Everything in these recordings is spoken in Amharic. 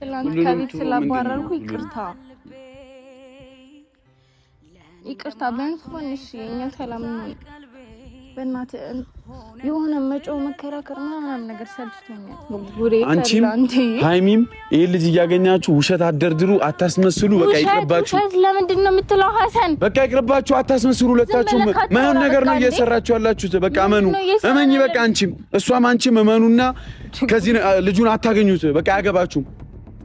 ትላንት ከቤት ስላባረርኩ ይቅርታ ይቅርታ። ቢያንስ ሆንሽ የኛ ሰላም በእናት የሆነ መጮህ መከራከር ምናምን ነገር ሰልችቶኛል። አንቺም ሀይሚም ይህ ልጅ እያገኛችሁ ውሸት አደርድሩ አታስመስሉ። በቃ ይቅርባችሁ። ለምንድን ነው የምትለው ሀሰን? በቃ ይቅርባችሁ፣ አታስመስሉ። ሁለታችሁም መሆን ነገር ነው እየሰራችሁ ያላችሁት። በቃ እመኑ፣ እመኝ። በቃ አንቺም እሷም አንቺም እመኑና ከዚህ ልጁን አታገኙት። በቃ አያገባችሁም።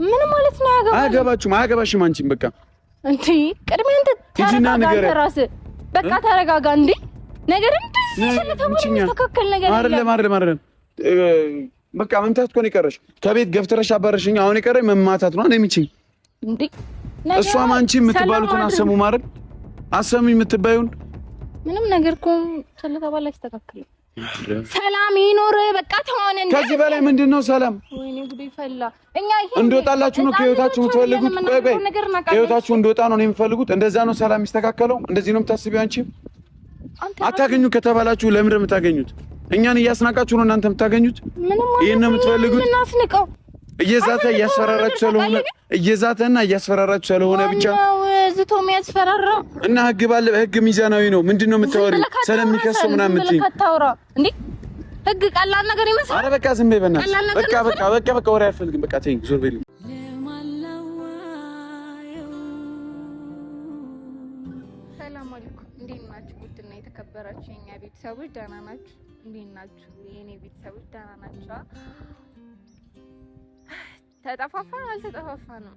ምን ማለት ነው? ያገባ አያገባችሁም፣ አያገባሽም። አንቺም በቃ እንዴ ቅድሜ አንተ ተረጋጋ፣ ራስ በቃ ተረጋጋ። እንዴ ነገር እንደዚህ ነገር አይደለም፣ አይደለም፣ አይደለም። በቃ መምታት እኮ ነው የቀረሽ። ከቤት ገፍትረሽ አባረሽኝ። አሁን የቀረኝ መማታት ነው። እኔ እንዴ እሷም አንቺ የምትባሉትን አሰሙ ማረግ አሰሙ የምትባዩን ምንም ነገር እኮ ስለተባለ አይስተካከልም። ሰላም ይኖር። በቃ ተሆነ። ከዚህ በላይ ምንድን ነው ሰላም? ወይኔ እኛ እንደወጣላችሁ ነው ከህይወታችሁ የምትፈልጉት? ቆይ ቆይ፣ ህይወታችሁ እንደወጣ ነው የምፈልጉት። እንደዛ ነው ሰላም የሚስተካከለው? እንደዚህ ነው የምታስቢው አንቺ? አታገኙ ከተባላችሁ ለምንድን ነው የምታገኙት? እኛን እያስናቃችሁ ነው እናንተ የምታገኙት? ይሄን ነው የምትፈልጉት? እየዛተ እያስፈራራችሁ ስለሆነ እየዛተና እያስፈራራችሁ ስለሆነ ብቻ ዝቶ የሚያስፈራራው እና ህግ ባለ ህግ ሚዛናዊ ነው። ምንድን ነው የምታወሪው? ስለሚከሰው ምናምን የምትይኝ ህግ ቀላል ነገር ይመስላል። አረ በቃ ዝም በይ በእናትሽ በቃ በቃ በቃ በቃ ወሬ አልፈልግም። በቃ ተይኝ፣ ዞር በይልኝ። ሰላም አለኩም። እንዴት የተከበራችሁ የኛ ቤተሰቦች ደህና ናችሁ? እንዴት ናችሁ የኔ ቤተሰቦች ደህና ናችሁ? ተጠፋፋን አልተጠፋፋንም።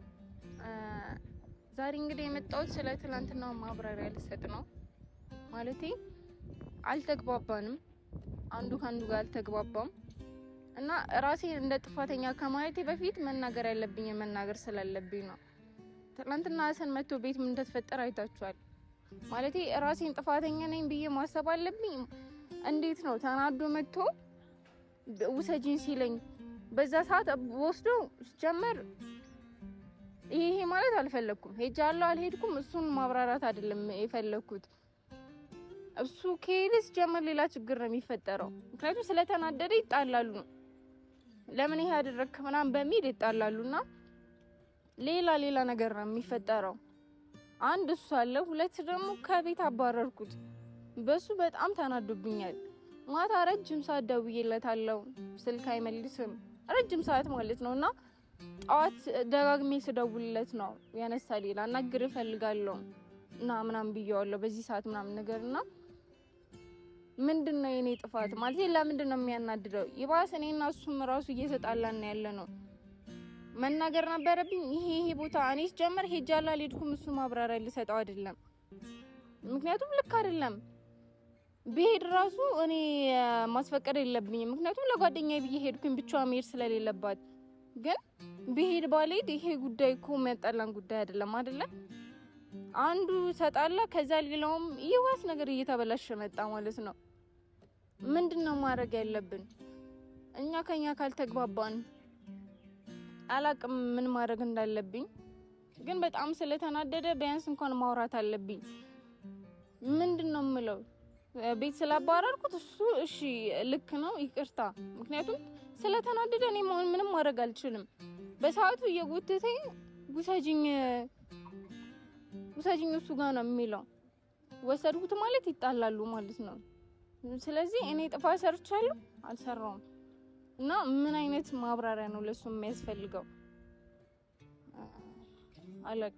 ዛሬ እንግዲህ የመጣሁት ስለ ትናንትናው ማብራሪያ ልሰጥ ነው። ማለቴ አልተግባባንም፣ አንዱ ከአንዱ ጋር አልተግባባም እና ራሴን እንደ ጥፋተኛ ከማየቴ በፊት መናገር ያለብኝ መናገር ስላለብኝ ነው። ትናንትና ሀሰን መቶ ቤት ምን እንደተፈጠረ አይታችኋል። ማለቴ ራሴን ጥፋተኛ ነኝ ብዬ ማሰብ አለብኝ። እንዴት ነው ተናዶ መጥቶ ውሰጂን ሲለኝ በዛ ሰዓት ወስዶ ሲጀመር ይሄ ማለት አልፈለግኩም። ሄጃለሁ አልሄድኩም፣ እሱን ማብራራት አይደለም የፈለግኩት። እሱ ከሄደ ሲጀመር ሌላ ችግር ነው የሚፈጠረው። ምክንያቱም ስለተናደደ ይጣላሉ። ለምን ይሄ አደረግክ ምናምን በሚል ይጣላሉና ሌላ ሌላ ነገር ነው የሚፈጠረው። አንድ እሱ አለ፣ ሁለት ደግሞ ከቤት አባረርኩት። በሱ በጣም ተናዶብኛል። ማታ ረጅም ሰዓት ደውዬለታለሁ፣ ስልክ አይመልስም። ረጅም ሰዓት ማለት ነው። እና ጠዋት ደጋግሜ ስደውልለት ነው ያነሳ ሌላ እናግር እፈልጋለሁ እና ምናምን ብዬዋለሁ በዚህ ሰዓት ምናምን ነገር እና ምንድን ነው የኔ ጥፋት ማለት ለምንድን ነው የሚያናድደው? ይባስ እና እሱም ራሱ እየተጣላን ያለ ነው። መናገር ነበረብኝ። ይሄ ይሄ ቦታ እኔ ጀመር ሄጃላ አልሄድኩም እሱ ማብራሪያ ልሰጠው አይደለም፣ ምክንያቱም ልክ አይደለም። ብሄድ ራሱ እኔ ማስፈቀድ የለብኝም። ምክንያቱም ለጓደኛ ብዬ ሄድኩኝ ብቻ መሄድ ስለሌለባት። ግን ብሄድ ባልሄድ ይሄ ጉዳይ እኮ የሚያጣላን ጉዳይ አይደለም አይደለ? አንዱ ተጣላ፣ ከዛ ሌላውም የዋስ ነገር እየተበላሸ መጣ ማለት ነው። ምንድን ነው ማድረግ ያለብን እኛ? ከኛ ካልተግባባን አላቅም ምን ማድረግ እንዳለብኝ። ግን በጣም ስለተናደደ ቢያንስ እንኳን ማውራት አለብኝ። ምንድን ነው የምለው ቤት ስላባረርኩት እሱ እሺ ልክ ነው፣ ይቅርታ። ምክንያቱም ስለተናደደ እኔ ምንም ማድረግ አልችልም። በሰዓቱ እየጎተተኝ ጉሰጅኝ ውሰጅኝ እሱ ጋር ነው የሚለው። ወሰድኩት ማለት ይጣላሉ ማለት ነው። ስለዚህ እኔ ጥፋት ሰርቻለሁ አልሰራውም እና ምን አይነት ማብራሪያ ነው ለሱ የሚያስፈልገው? አለቅ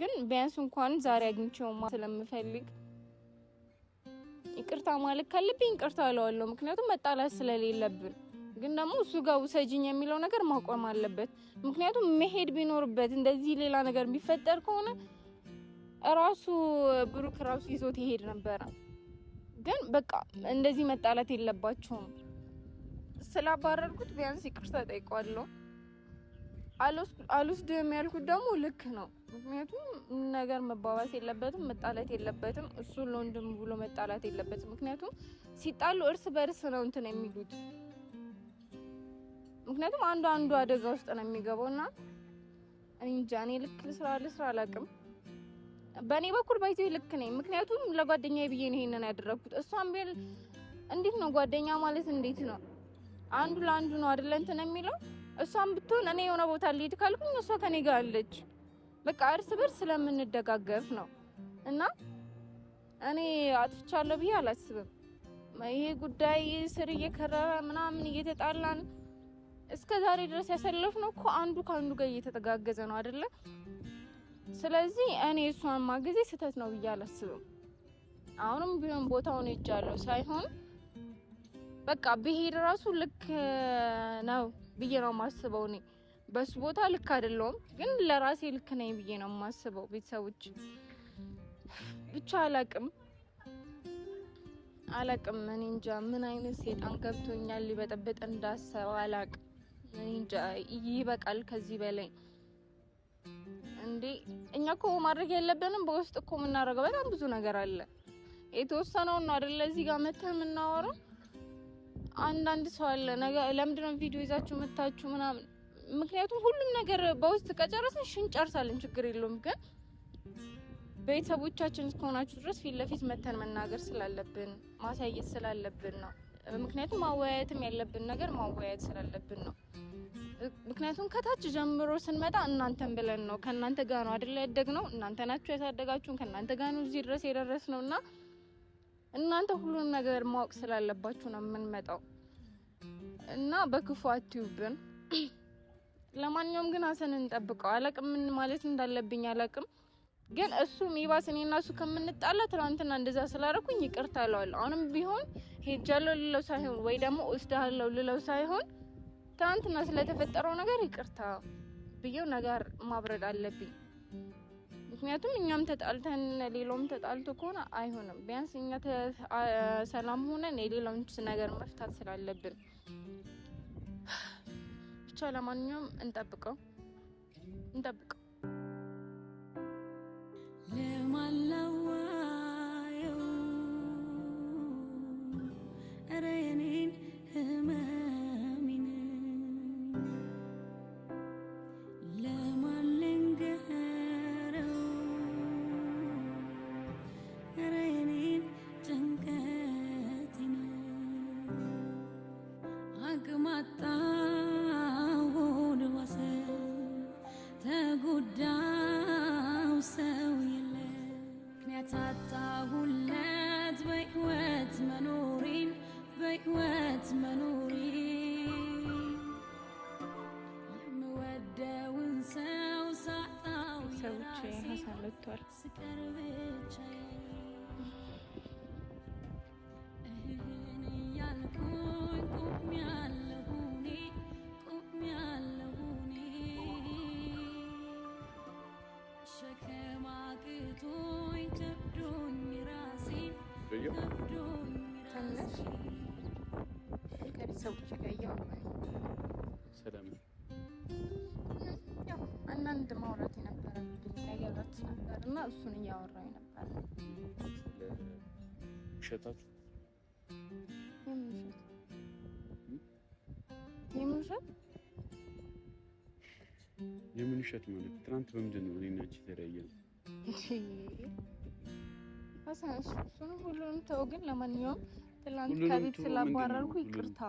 ግን ቢያንስ እንኳን ዛሬ አግኝቼው ስለምፈልግ ይቅርታ ማለት ካለብኝ ይቅርታ እለዋለሁ። ምክንያቱም መጣላት ስለሌለብን ግን ደግሞ እሱ ጋር ውሰጅኝ የሚለው ነገር ማቆም አለበት። ምክንያቱም መሄድ ቢኖርበት እንደዚህ ሌላ ነገር የሚፈጠር ከሆነ ራሱ ብሩክ ራሱ ይዞት ይሄድ ነበረ። ግን በቃ እንደዚህ መጣላት የለባቸውም። ስላባረርኩት ቢያንስ ይቅርታ ጠይቋለሁ። አሉስ አልወስድም ያልኩት ደግሞ ልክ ነው። ምክንያቱም ነገር መባባስ የለበትም፣ መጣላት የለበትም። እሱ ለወንድም ብሎ መጣላት የለበትም። ምክንያቱም ሲጣሉ እርስ በእርስ ነው እንትን የሚሉት። ምክንያቱም አንዱ አንዱ አደጋ ውስጥ ነው የሚገባው እና እንጃ እኔ ልክ ልስራ ልስራ አላውቅም። በእኔ በኩል ባይቶ ልክ ነኝ። ምክንያቱም ለጓደኛ ብዬ ነው ይሄንን ያደረግኩት። እሷም ቢል እንዴት ነው ጓደኛ ማለት እንዴት ነው? አንዱ ለአንዱ ነው አይደለ እንትን የሚለው እሷም ብትሆን እኔ የሆነ ቦታ ልሄድ ካልኩኝ እሷ ከኔ ጋር አለች። በቃ እርስ በርስ ስለምንደጋገፍ ነው። እና እኔ አጥፍቻለሁ ብዬ አላስብም። ይሄ ጉዳይ ስር እየከረረ ምናምን እየተጣላን እስከ ዛሬ ድረስ ነው እኮ አንዱ ከአንዱ ጋር እየተጠጋገዘ ነው አይደለ? ስለዚህ እኔ እሷን ማግዜ ስህተት ነው ብዬ አላስብም። አሁንም ቢሆን ቦታውን ሄጃለሁ ሳይሆን በቃ ብሄድ ራሱ ልክ ነው ብዬ ነው የማስበው እኔ በሱ ቦታ ልክ አይደለውም፣ ግን ለራሴ ልክ ነኝ ብዬ ነው የማስበው። ቤተሰቦች ብቻ አላቅም አላቅም እኔ እንጃ ምን አይነት ሴጣን ገብቶኛል ሊበጠበጥ እንዳሰበው አላቅም። እኔ እንጃ ይበቃል ከዚህ በላይ እንዴ። እኛ እኮ ማድረግ ያለብንም በውስጥ እኮ የምናደርገው በጣም ብዙ ነገር አለ። የተወሰነውን ነው አይደለ እዚህ ጋር መተህ የምናወራው። አንዳንድ ሰው አለ ነገ ቪዲዮ ይዛችሁ መታችሁ ምናምን ምክንያቱም ሁሉም ነገር በውስጥ ከጨረስን እሺ እንጨርሳለን፣ ችግር የለውም። ግን ቤተሰቦቻችን እስከሆናችሁ ድረስ ፊት ለፊት መተን መናገር ስላለብን ማሳየት ስላለብን ነው። ምክንያቱም ማወያየትም ያለብን ነገር ማወያየት ስላለብን ነው። ምክንያቱም ከታች ጀምሮ ስንመጣ እናንተን ብለን ነው። ከእናንተ ጋር ነው አይደል ያደግነው። እናንተ ናችሁ ያሳደጋችሁን። ከእናንተ ጋር ነው እዚህ ድረስ የደረስ ነው እና እናንተ ሁሉን ነገር ማወቅ ስላለባችሁ ነው የምንመጣው እና በክፉ አትዩብን። ለማንኛውም ግን ሀሰን እንጠብቀው። አላቅም ምን ማለት እንዳለብኝ አላቅም። ግን እሱ ሚባስ እኔ እና እሱ ከምንጣላ ትናንትና እንደዛ ስላደረኩኝ ይቅርታ እለዋለሁ። አሁንም ቢሆን ሄጃለሁ ልለው ሳይሆን ወይ ደግሞ ወስድሃለሁ ልለው ሳይሆን ትናንትና ስለተፈጠረው ነገር ይቅርታ ብዬው ነገር ማብረድ አለብኝ። ምክንያቱም እኛም ተጣልተን ሌላውም ተጣልቶ ከሆነ አይሆንም። ቢያንስ እኛ ሰላም ሆነን የሌላውን ነገር መፍታት ስላለብን El tal la manía en En Vitor. ሸጣችሁ? የምን ውሸት? የምን ማለት ትናንት በምንድን ነው እኔና አንቺ የተለያየነው? እሱንም ሁሉንም ተው። ግን ለማንኛውም ትናንት ከቤት ስላባረርኩ ይቅርታ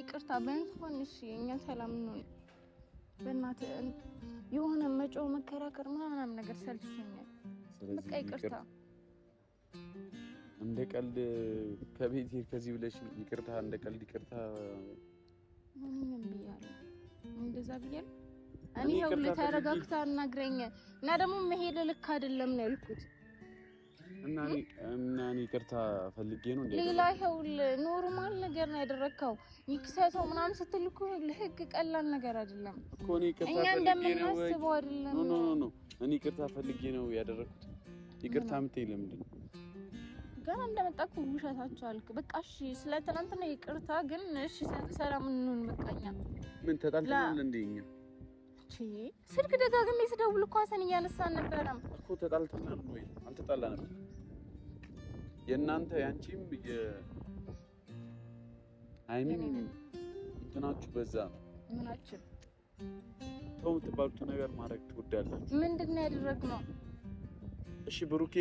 ይቅርታ። ቢያንስ እሺ እኛ ሰላም ነው። በእናትህ የሆነ መጮህ መከራከር ምናምን ነገር ሰልችቶኛል። በቃ ይቅርታ። እንደ ቀልድ ከቤት ከዚህ ብለሽ ይቅርታ፣ እንደ ቀልድ ይቅርታ። ምንም ብያለሁ? እንደዛ ብያለሁ እኔ። ይኸውልህ ተረጋግታ አናግረኝ እና ደግሞ መሄድ ልክ አይደለም ነው ያልኩት እና እኔ ይቅርታ ፈልጌ ነው። ሌላ ይኸውልህ ኖርማል ነገር ነው ያደረግከው። ይክሰሰው ምናምን ስትል እኮ ለህግ ቀላል ነገር አይደለም እኮ እኛ እንደምናስበው አይደለም። ኖ ኖ እኔ ይቅርታ ፈልጌ ነው ያደረግኩት። ይቅርታ የምትይኝ ለምንድን ነው? ገና እንደመጣኩ ውሸታቸው አልክ። በቃ እሺ፣ ስለ ትናንትና ይቅርታ ግን እሺ፣ ሰላም እንሁን። በቃኛ ምን ተጣልተናል እንዴ? ስልክ ደጋግሜ ስደውል እኮ ሀሰን እያነሳን ነበረም እኮ ተጣልተናል ወይ? አልተጣላንም የእናንተ ያንቺም የሀይሚም እንትናችሁ በዛ ነው። ምናችን ሰው የምትባሉት ነገር ማድረግ ትወዳላችሁ። ምንድን ነው ያደረግነው? እሺ ብሩኬ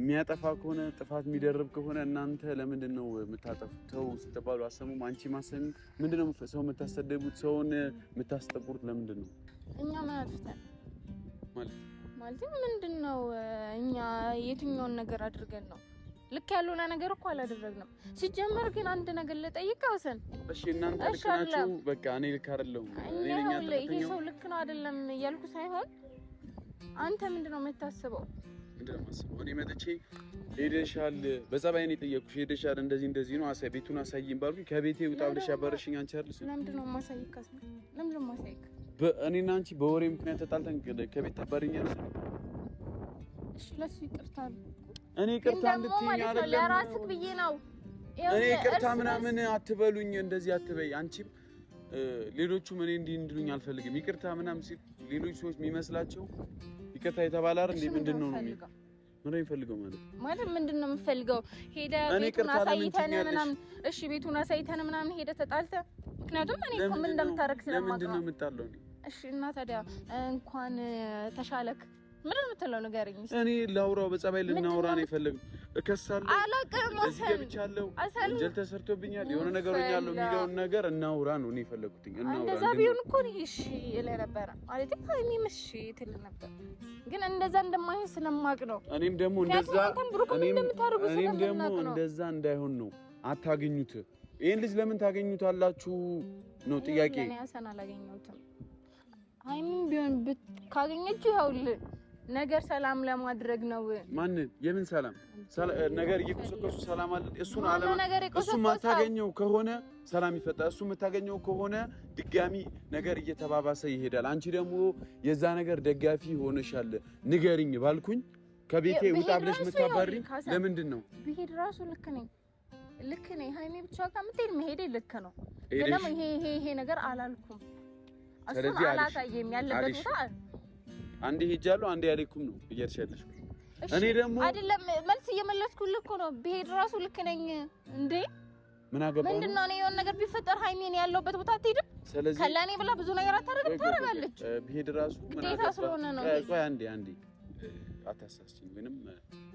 የሚያጠፋ ከሆነ ጥፋት የሚደርብ ከሆነ እናንተ ለምንድን ነው የምታጠፉት? ሰው ስትባሉ አሰሙም አንቺ ማሰሚ ምንድን ነው ሰው የምታሰደቡት? ሰውን የምታስጠቁሩት ለምንድን ነው? እኛ ምን አጥፍተን ማለት ማለት ምንድን ነው እኛ የትኛውን ነገር አድርገን ነው ልክ ያልሆነ ነገር እኮ አላደረግንም። ሲጀመር ግን አንድ ነገር ልጠይቅ አውሰን እሺ፣ እናንተ ልክ ናችሁ? በቃ እኔ ልክ አይደለሁም። ይሄ ሰው ልክ ነው አይደለም እያልኩ ሳይሆን አንተ ምንድን ነው የምታስበው? ምንድን ነው የማስበው? እኔ መጥቼ ሄደሻል፣ በጸባይ ነው የጠየቅኩሽ። ሄደሻል፣ እንደዚህ እንደዚህ ነው አሳይ፣ ቤቱን አሳይኝ ባልኩኝ ከቤቴ ውጣ ብለሽ ያባረሽኝ አንቺ አይደል? ለምንድን ነው የማሳይህ? ካስማ ለምንድን ነው የማሳይህ? እኔና አንቺ በወሬ ምክንያት ተጣልተን ከቤት ታባሪኛለሽ። እሺ፣ ለእሱ ይቅርታ እኔ ቅርታ እንድትይኝ አይደለም ለራስህ ብዬ ነው። እኔ ይቅርታ ምናምን አትበሉኝ፣ እንደዚህ አትበይ። አንቺም ሌሎቹም እኔ እንዲህ እንድሉኝ አልፈልግም። ይቅርታ ምናምን ሲል ሌሎች ሰዎች የሚመስላቸው ይቅርታ የተባለ አይደል እንዴ? ምንድን ነው ነው ምን ይፈልገው ማለት ማለት ምንድን ነው የምፈልገው? ሄደ ቤቱን አሳይተን ምናምን፣ እሺ ቤቱን አሳይተን ምናምን ሄደ ተጣልተ። ምክንያቱም እኔ እኮ ምን እንደምታረግ ስለማውቅ ነው። ለምንድን ነው የምጣለው? እሺ እና ታዲያ እንኳን ተሻለክ ምን የምትለው ንገረኝ። እኔ ላውራው በጸባይ ልናውራ ነው የፈለግን። እከሳለሁ፣ አላውቅም። እዚህ ገብቻለሁ፣ ወንጀል ተሰርቶብኛል፣ የሆነ ነገር ሆኛለሁ የሚለውን ነገር እናውራ ነው እኔ የፈለግኩትኝ። እንደዛ ቢሆን እኮ እሺ እልህ ነበረ ማለት እኔም እሺ ትል ነበር፣ ግን እንደዛ እንደማይሆን ስለማቅ ነው። እኔም ደግሞ እንደዛ እኔም ደግሞ እንደዛ እንዳይሆን ነው። አታገኙት። ይህን ልጅ ለምን ታገኙታላችሁ ነው ጥያቄ። እኔ ያሰን አላገኘሁትም። ሀይሚም ቢሆን ካገኘችው ይኸውልህ ነገር ሰላም ለማድረግ ነው። ማንን? የምን ሰላም? ነገር እየቆሰቆሱ ሰላም አለ። እሱን እሱ ማታገኘው ከሆነ ሰላም ይፈጣል። እሱ የምታገኘው ከሆነ ድጋሚ ነገር እየተባባሰ ይሄዳል። አንቺ ደግሞ የዛ ነገር ደጋፊ ሆነሻል። ንገሪኝ ባልኩኝ ከቤቴ ውጣ ብለሽ የምታባሪ ለምንድን ነው? ብሄድ ራሱ ልክ ነኝ ልክ ነኝ። ሃይሜ ብቻ ጋር የምትሄድ መሄዴ ልክ ነው። ይሄ ይሄ ነገር አላልኩም። እሱን አላሳየም ያለበት ቦታ አንዴ ሄጃለሁ፣ አንዴ ያለኩም ነው እያልሽ ያለሽ። እኔ ደግሞ አይደለም መልስ እየመለስኩልህ እኮ ነው። ብሄድ ራሱ ልክ ነኝ እንዴ? ምን አገባ? ምንድን ነው የሆነ ነገር ቢፈጠር ሀይሜን ያለውበት ቦታ አትሄድም። ስለዚህ ከላኔ ብላ ብዙ ነገር አታደርግም፣ ታደርጋለች። ብሄድ ራሱ ግዴታ ስለሆነ ነው። ቆይ አንዴ አንዴ አታሳስችኝ ወይንም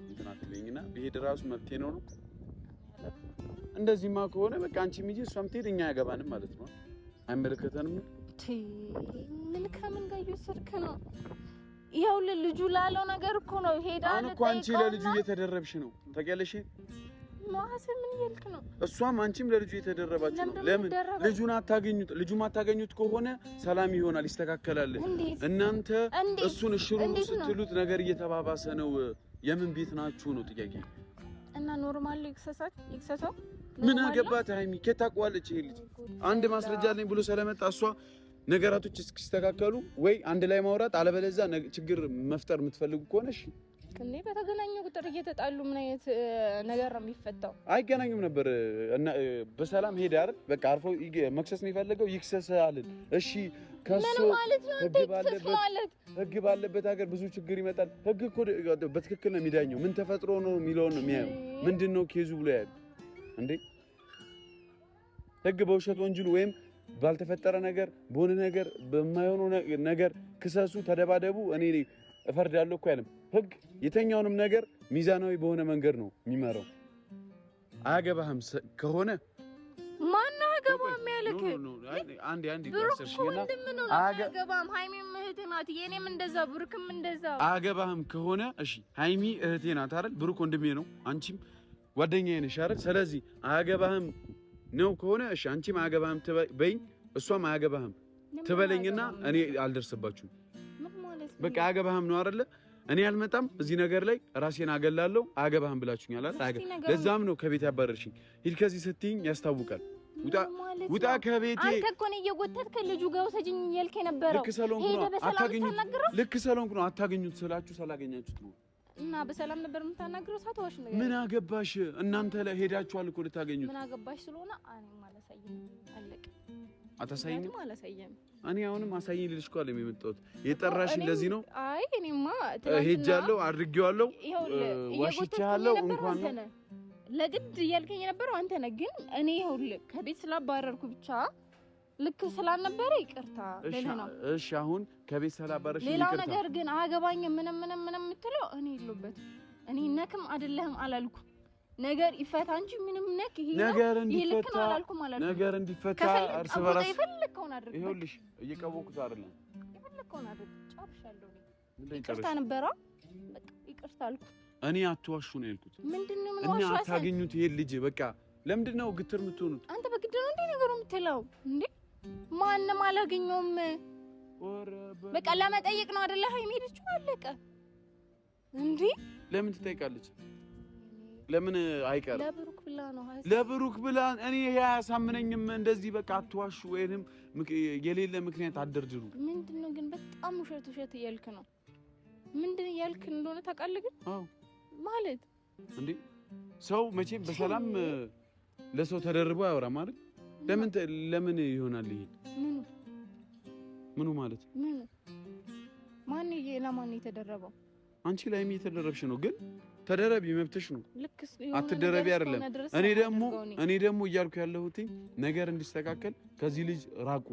እንትን አትለኝና ብሄድ ራሱ መብቴ ነው ነው። እንደዚህማ ከሆነ በቃ አንቺ ምጂ እሷም ትሄድ፣ እኛ ያገባንም ማለት ነው። አይመለከተንም። ምን ከምን ጋር እየወሰድክ ነው? ይኸው ልጁ ላለው ነገር እኮ ነው ሄዳ። አሁን እኮ አንቺ ለልጁ እየተደረብሽ ነው ታውቂያለሽ። ማሐሰብ ምን እያልክ ነው? እሷም አንቺም ለልጁ እየተደረባችሁ ነው። ለምን ልጁን አታገኙት? ልጁ ማታገኙት ከሆነ ሰላም ይሆናል፣ ይስተካከላል። እናንተ እሱን እሽሩ ስትሉት ነገር እየተባባሰ ነው። የምን ቤት ናችሁ ነው ጥያቄ። እና ኖርማል ይክሰሳት ይክሰሳው ምን አገባት? ሀይሚ ከታቋለች። ይሄ ልጅ አንድ ማስረጃ አለኝ ብሎ ስለመጣ እሷ ነገራቶች እስኪስተካከሉ ወይ አንድ ላይ ማውራት፣ አለበለዛ ችግር መፍጠር የምትፈልጉ ከሆነሽ እኔ በተገናኘ ቁጥር እየተጣሉ ምን አይነት ነገር ነው የሚፈጠው? አይገናኙም ነበር በሰላም ሄደ አይደል? በቃ አርፎ መክሰስ ነው የፈለገው ይክሰስ አልን። እሺ ከሱ ህግ ባለበት ሀገር ብዙ ችግር ይመጣል። ህግ እኮ በትክክል ነው የሚዳኘው። ምን ተፈጥሮ ነው የሚለውን ነው የሚያዩ። ምንድን ነው ኬዙ ብሎ ያሉ እንዴ ህግ በውሸት ወንጅሉ ወይም ባልተፈጠረ ነገር፣ በሆነ ነገር፣ በማይሆኑ ነገር ክሰሱ፣ ተደባደቡ፣ እኔ እፈርዳለሁ እኮ አይልም። ህግ የተኛውንም ነገር ሚዛናዊ በሆነ መንገድ ነው የሚመራው። አያገባህም ከሆነ ማነው አያገባህም ያለህ? ብሩክ እኮ ወንድምህ ነው። አያገባህም ሃይሚም እህትህ ናት። የእኔም እንደዛ ብሩክም እንደዛ። አያገባህም ከሆነ እሺ፣ ሃይሚ እህቴ ናት አይደል? ብሩክ ወንድሜ ነው። አንቺም ጓደኛዬ ነሽ አይደል? ስለዚህ አያገባህም ነው ከሆነ እሺ፣ አንቺ አያገባህም በይኝ፣ እሷም አያገባህም ትበለኝና እኔ አልደርስባችሁም። በቃ ነው አይደለ? እኔ አልመጣም እዚህ ነገር ላይ ራሴን አገላለሁ። አያገባህም ብላችሁኛል አይደል? ለዛም ነው ከቤት ያባረርሽኝ። ሂድ ከዚህ ስትይኝ ያስታውቃል። ውጣ ውጣ ከቤቴ። አንተ እኮ ነው እየጎተትክ ልጁ ጋር ውሰጂኝ እያልክ የነበረው። ልክ ሰሎንኩ ነው አታገኙት ስላችሁ ስላገኛችሁት ነው እና በሰላም ነበር የምታናግረው። ሳታዋሽ ነው። ምን አገባሽ? እናንተ ላይ ሄዳችኋል እኮ ልታገኙት። ምን አገባሽ ስለሆነ እኔም አላሳየም። አለቅ አታሳይኝም? አላሳየም። እኔ አሁንም አሳይኝ ልልሽ እኮ አለም የመጣሁት። የጠራሽኝ ለዚህ ነው። አይ እኔማ ሄጃለሁ፣ አድርጌዋለሁ፣ ዋሽቻለሁ። እንኳን ለግድ እያልከኝ የነበረው አንተ ነህ። ግን እኔ ይኸውልህ ከቤት ስላባረርኩ ብቻ ልክ ስላልነበረ ይቅርታ። እሺ፣ አሁን ከቤት ስላባረሽ ሌላ ነገር ግን አገባኝ ምንም ምንም ምንም የምትለው እኔ የለሁበትም። እኔ ነክም አይደለህም አላልኩም። ነገር ይፈታ እንጂ ምንም ነክ ይሄ ነገር እንዲፈታ አላልኩም አላልኩም። ነገር እንዲፈታ እርስ በራስ የፈለከውን አድርግ። ይኸውልሽ እየቀወኩት አይደለም፣ የፈለከውን አድርግ። ጨርሻለሁ። ይቅርታ ነበራ፣ ይቅርታ አልኩ። እኔ አትዋሹ ነው ያልኩት። ምንድነው ምን ዋሽ አታገኙት ይሄን ልጅ በቃ። ለምንድን ነው ግትር የምትሆኑት? አንተ በግድ ነው እንዴ ነገሩ የምትለው እንዴ? ማንም አላገኘውም። በቃ ለመጠየቅ ነው አይደለ? ሀይሚ ሄደችው፣ አለቀ። እንዴ ለምን ትጠይቃለች? ለምን አይቀርም? ለብሩክ ብላ ነው። ለብሩክ ብላ እኔ አያሳምነኝም። እንደዚህ በቃ አትዋሹ፣ ወይንም የሌለ ምክንያት አትደርድሩ። ምንድነው ግን በጣም ውሸት ውሸት እያልክ ነው። ምንድን እያልክ እንደሆነ ታውቃለህ? ግን ማለት እንዴ ሰው መቼም በሰላም ለሰው ተደርቦ አያወራም አይደል? ለምን ለምን ይሆናል? ይሄ ምኑ ምኑ ማለት ምኑ ማን ለማን የተደረበው? አንቺ ላይም እየተደረብሽ ነው። ግን ተደረቢ፣ መብትሽ ነው። አትደረቢ አይደለም። እኔ ደግሞ እኔ ደግሞ እያልኩ ያለሁት ነገር እንዲስተካከል ከዚህ ልጅ ራቁ።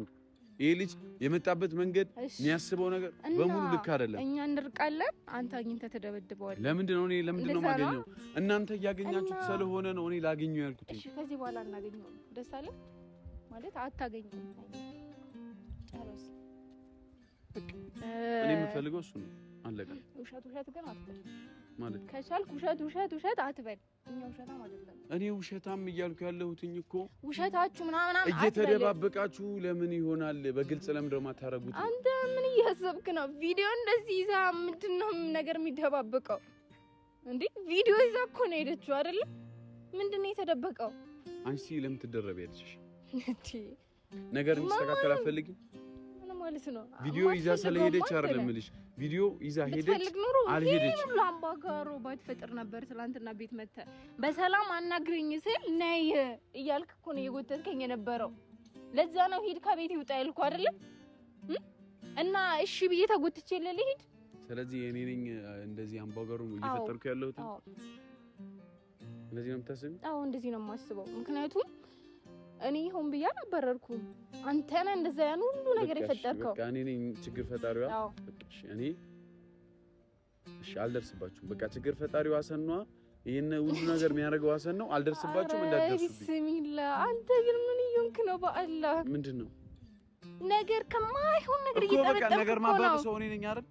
ይሄ ልጅ የመጣበት መንገድ የሚያስበው ነገር በሙሉ ልክ አይደለም። እኛ እንርቃለን፣ አንተ አግኝተህ ተደበድበዋል። ለምንድን ነው እኔ ለምንድን ነው የማገኘው? እናንተ እያገኛችሁት ስለሆነ ነው እኔ ላገኘው ያልኩት። ከዚህ በኋላ እናገኘው ደስ አለ ማለት አታገኝም። ጨረስ። እኔ የምፈልገው እሱ ነው። አለቀ። ውሸት ውሸት ግን አትበል ማለት ከቻልክ ውሸት ውሸት ውሸት አትበል። እኔ ውሸታም እያልኩ ያለሁትኝ እኮ ውሸታችሁ ምናምን እየተደባበቃችሁ ለምን ይሆናል? በግልጽ ለምን ደግሞ አታረጉት? አንተ ምን እያሰብክ ነው? ቪዲዮ እንደዚህ ይዛ ምንድነው ነገር የሚደባበቀው እንዴ? ቪዲዮ ይዛ እኮ ነው ሄደችው አይደለም? ምንድነው የተደበቀው? አንቺ ለምን ትደረብ ያለችሽ ነገር እንዲስተካከል አትፈልጊም ማለት ነው። ቪዲዮ ይዛ ስለሄደች አይደለም እልሽ። ቪዲዮ ይዛ ሄደች አልሄደች ሁሉ አምባጓሮ ባትፈጥር ነበር። ትላንትና ቤት መጥተህ በሰላም አናግረኝ ስል ነይ እያልክ እኮ ነው የጎተትከኝ የነበረው። ለዛ ነው ሂድ ከቤት ይውጣ ያልኩህ አይደለም እና እሺ ብዬ ተጎትቼ ልሂድ። ስለዚህ የኔ ነኝ እንደዚህ አምባጓሮ እየፈጠርኩ ያለሁት። እንደዚህ ነው የምታስቢው? አዎ እንደዚህ ነው የማስበው ምክንያቱም እኔ ሆን ብዬ አላባረርኩም። አንተ ነህ እንደዛ ያን ሁሉ ነገር የፈጠርከው። በቃ እኔ ነኝ ችግር ፈጣሪዋ። እሺ እኔ እሺ፣ አልደርስባችሁም። በቃ ችግር ፈጣሪዋ ሰኗ ይሄን ሁሉ ነገር የሚያደርገው ሀሰን ነው። አልደርስባችሁም፣ እንዳትደርሱብኝ። ቢስሚላ አንተ ግን ምን እየሆንክ ነው? በአላህ ምንድን ነው ነገር ከማይሆን ነገር እየጠበጠብኩ ነው። ነገር ማባብ ሰው እኔ ነኝ አይደል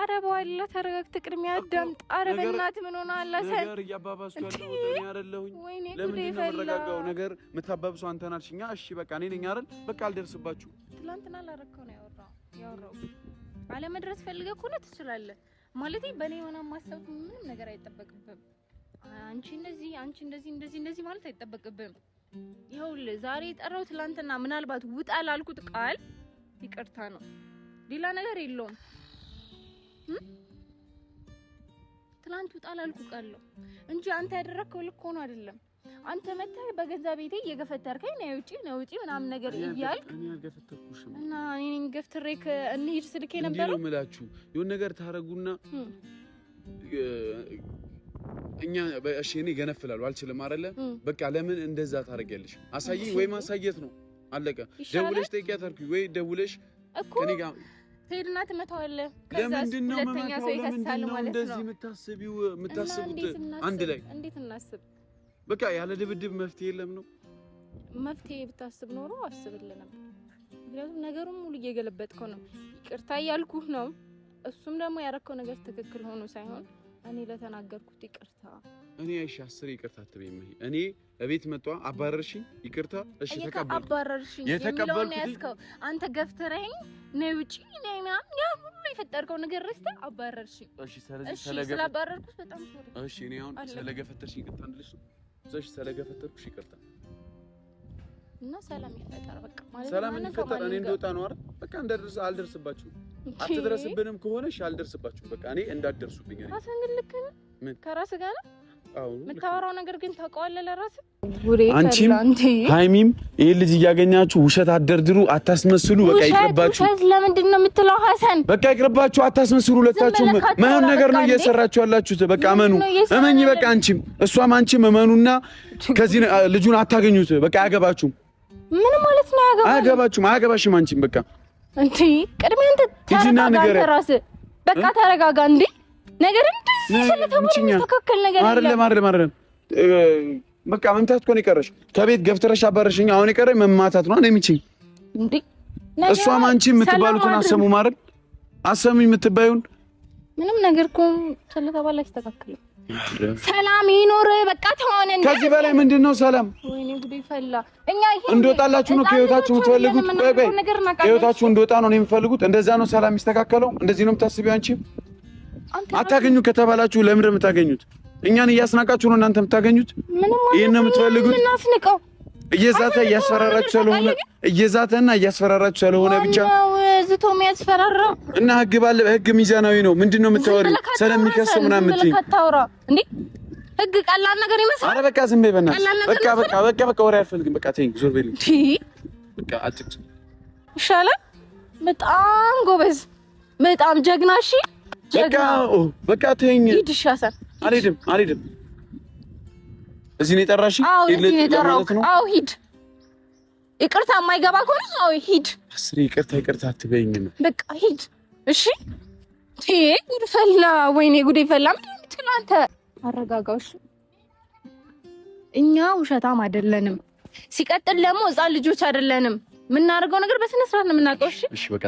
አረ በኋላ ተረጋግተህ ቅድሚያ አዳምጥ። አረ በእናትህ ምን ሆነ ሆነሃል? ነገር እያባባስኩ ያለሁኝ ለምንድን ነው የምረጋጋው? ነገር የምታባብሰው አንተ አልሽኛ። እሺ በቃ እኔ ነኝ አይደል? በቃ አልደርስባችሁ። ትናንትና አላረከው ነው ያወራው ያወራው አለመድረስ ፈልገህ እኮ ነው። ትችላለህ ማለት በእኔ የሆነ ማሰብ ምንም ነገር አይጠበቅብም። አንቺ እንደዚህ አንቺ እንደዚህ እንደዚህ እንደዚህ ማለት አይጠበቅብም። ይኸውልህ ዛሬ የጠራው ትላንትና ምናልባት ውጣ ላልኩት ቃል ይቅርታ ነው፣ ሌላ ነገር የለውም። ትላንት ውጣ ላልኩ ቃለሁ እንጂ አንተ ያደረግከው ልክ ሆኖ አይደለም። አንተ መተህ በገዛ ቤቴ እየገፈተርከኝ ነው ውጪ ነው ውጪ ምናምን ነገር እያልክ እኔ አልገፈተርኩሽም እና እኔን ገፍትሬ እንሂድ ስልክ የነበረው ነው የምላችሁ የሆነ ነገር ታረጉና እኛ እሺ እኔ ገነፍላለሁ አልችልም አይደለ በቃ ለምን እንደዛ ታደርጊያለሽ አሳይኝ ወይ ማሳየት ነው አለቀ ደውለሽ ጠይቂያት አልኩኝ ወይ ደውለሽ እኮ ትሄድና ትመታዋለህ። ለምንድን ነው ሁለተኛ ሰው ይከሳል ማለት ነው። እንደዚህ የምታስቢው የምታስቡት አንድ ላይ እንዴት እናስብ? በቃ ያለ ድብድብ መፍትሄ የለም ነው። መፍትሄ ብታስብ ኖሮ አስብልህ ነበር። ምክንያቱም ነገሩን ሙሉ እየገለበጥከው ነው። ይቅርታ እያልኩህ ነው። እሱም ደግሞ ያረከው ነገር ትክክል ሆኖ ሳይሆን እኔ ለተናገርኩት ይቅርታ እኔ አይሽ አስር ይቅርታ አትበይም። እኔ እቤት መጣ አባረርሽኝ፣ ይቅርታ እሺ ተቀበልኩ። አባረርሽኝ የሚለውን ያዝከው አንተ ገፍትረኝ ነው ውጪ ነው ማም ያ ሁሉ የፈጠርከው ነገር ረስተ አባረርሽኝ። እሺ ስለአባረርኩሽ በጣም እሺ። እኔ አሁን ስለገፈተርሽኝ ይቅርታ እንድልሽ እሺ፣ ስለገፈተርኩሽ ይቅርታ እና ሰላም ይፈጠር በቃ ማለት ሰላም እንፈጠር። እኔ እንደወጣ ነው አይደል? በቃ እንዳደርስ አልደርስባችሁም። አትደረስብንም ከሆነ እሺ፣ አልደርስባችሁም። በቃ እኔ እንዳትደርሱብኝ። እኔ ራስህ እንግዲህ ምን ከራስህ ጋር ነው የምታወራው ነገር ግን ታውቀዋለህ ለራስህ። አንቺም ሀይሚም ይህ ልጅ እያገኛችሁ ውሸት አደርድሩ፣ አታስመስሉ። በቃ ይቅርባችሁ። ለምንድን ነው የምትለው ሀሰን? በቃ ይቅርባችሁ፣ አታስመስሉ። ሁለታችሁም መሆን ነገር ነው እየሰራችሁ ያላችሁት። በቃ እመኑ፣ እመኝ። በቃ አንቺም እሷም አንቺም እመኑና ከዚህ ልጁን አታገኙት። በቃ አያገባችሁም። ምን ማለት ነው አያገባችሁም? አያገባሽም። አንቺም በቃ እንዴ ቅድሚያ አንተ ተረጋጋ፣ ራስህ በቃ ተረጋጋ። እንዴ ነገርም አይደለም አይደለም በቃ መምታት እኮ ነው ከቤት ገፍትረሽ አባረሽኝ። አሁን የቀረኝ መማታት ነው። እኔም እሷም አንቺ የምትባሉትን አሰሙ ማድረግ አሰሙ የምትባዩን ምንም ነገር እኮ ስለተባለ አይስተካከልም። ሰላም ይኖር በቃ ተሆነ። ከዚህ በላይ ምንድን ነው ሰላም? እንደወጣላችሁ ነው ከህይወታችሁ የምትፈልጉት? ከህይወታችሁ እንደወጣ ነው የምፈልጉት። እንደዛ ነው ሰላም የሚስተካከለው። እንደዚህ ነው የምታስቢው አንቺም አታገኙ ከተባላችሁ ለምን ነው የምታገኙት? እኛን እያስናቃችሁ ነው እናንተ የምታገኙት። ይህን ነው የምትፈልጉት? እየዛተ እያስፈራራችሁ ስለሆነ እየዛተና እያስፈራራችሁ ስለሆነ ብቻ ዝቶ የሚያስፈራራ እና ህግ ባለ ህግ ሚዛናዊ ነው። ምንድን ነው የምታወሪው? ስለሚከሰው ምናምን የምትይኝ እንዴ? ህግ ቀላል ነገር ይመስላል። አረ በቃ ዝም በይ በእናትሽ። በቃ በቃ በቃ በቃ ወሬ አልፈልግም። በቃ ተይኝ፣ ዞር በይልኝ። በቃ ይሻላል። በጣም ጎበዝ፣ በጣም ጀግና። እሺ በቃ በቃ ተይኝ። ሂድ አልሄድም አልሄድም። እዚህ ነው የጠራሽኝ? አዎ ሂድ። ይቅርታ የማይገባ ከሆነ አዎ ሂድ። አስሬ ይቅርታ ይቅርታ አትበይኝ ነው። በቃ ሂድ። እሺ ጉድ ፈላ። ወይኔ ፈላ። ምንድን ነው የምትለው አንተ? አረጋጋው። እሺ እኛ ውሸታም አይደለንም። ሲቀጥል ደግሞ ልጆች አይደለንም። የምናደርገው ነገር በስነ ስርዓት ነው የምናውቀው። እሺ እሺ። በቃ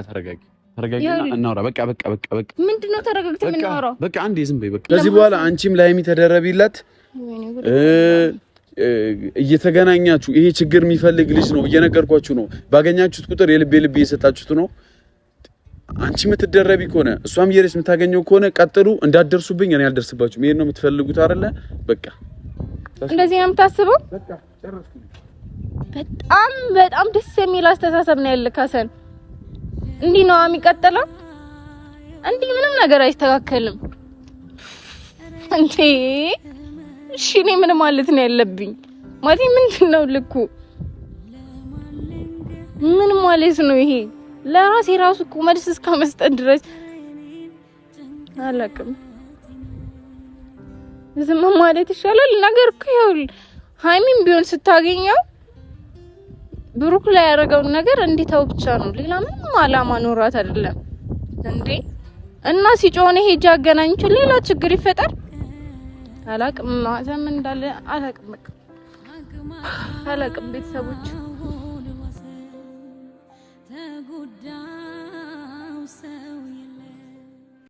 ተረጋግተና እናውራ። በቃ በቃ በቃ በቃ ምንድነው ተረጋግተን የምናወራው? በቃ አንዴ ዝም በይ። በቃ ከዚህ በኋላ አንቺም ላይሚ ተደረቢላት እየተገናኛችሁ ይሄ ችግር የሚፈልግ ልጅ ነው እየነገርኳችሁ ነው። ባገኛችሁት ቁጥር የልቤ ልብ እየሰጣችሁት ነው። አንቺ የምትደረቢ ከሆነ እሷም እየሄደች የምታገኘው ከሆነ ቀጥሉ፣ እንዳትደርሱብኝ እኔ አልደርስባችሁም። ይሄን ነው የምትፈልጉት አይደለ? በቃ እንደዚህ ነው የምታስበው። በጣም በጣም ደስ የሚል አስተሳሰብ ነው ያልክ ሀሰን እንዲህ ነው የሚቀጥለው። እንዲህ ምንም ነገር አይስተካከልም። እንዴ እሺ፣ እኔ ምን ማለት ነው ያለብኝ? ማለት ምንድን ነው ልኩ? ምን ማለት ነው ይሄ? ለራሴ ራሱ እኮ መልስ እስከ መስጠት ድረስ አላውቅም። ዝም ማለት ይሻላል። ነገር እኮ ይኸውልህ፣ ቢሆን ስታገኘው ብሩክ ላይ ያደረገውን ነገር እንዲታው ብቻ ነው። ሌላ ምንም አላማ ኖራት አይደለም እንዴ? እና ሲጮሆነ ሄጃ አገናኝች ሌላ ችግር ይፈጠር አላቅም። ማዘም እንዳለ አላቅም፣ አላቅም ቤተሰቦች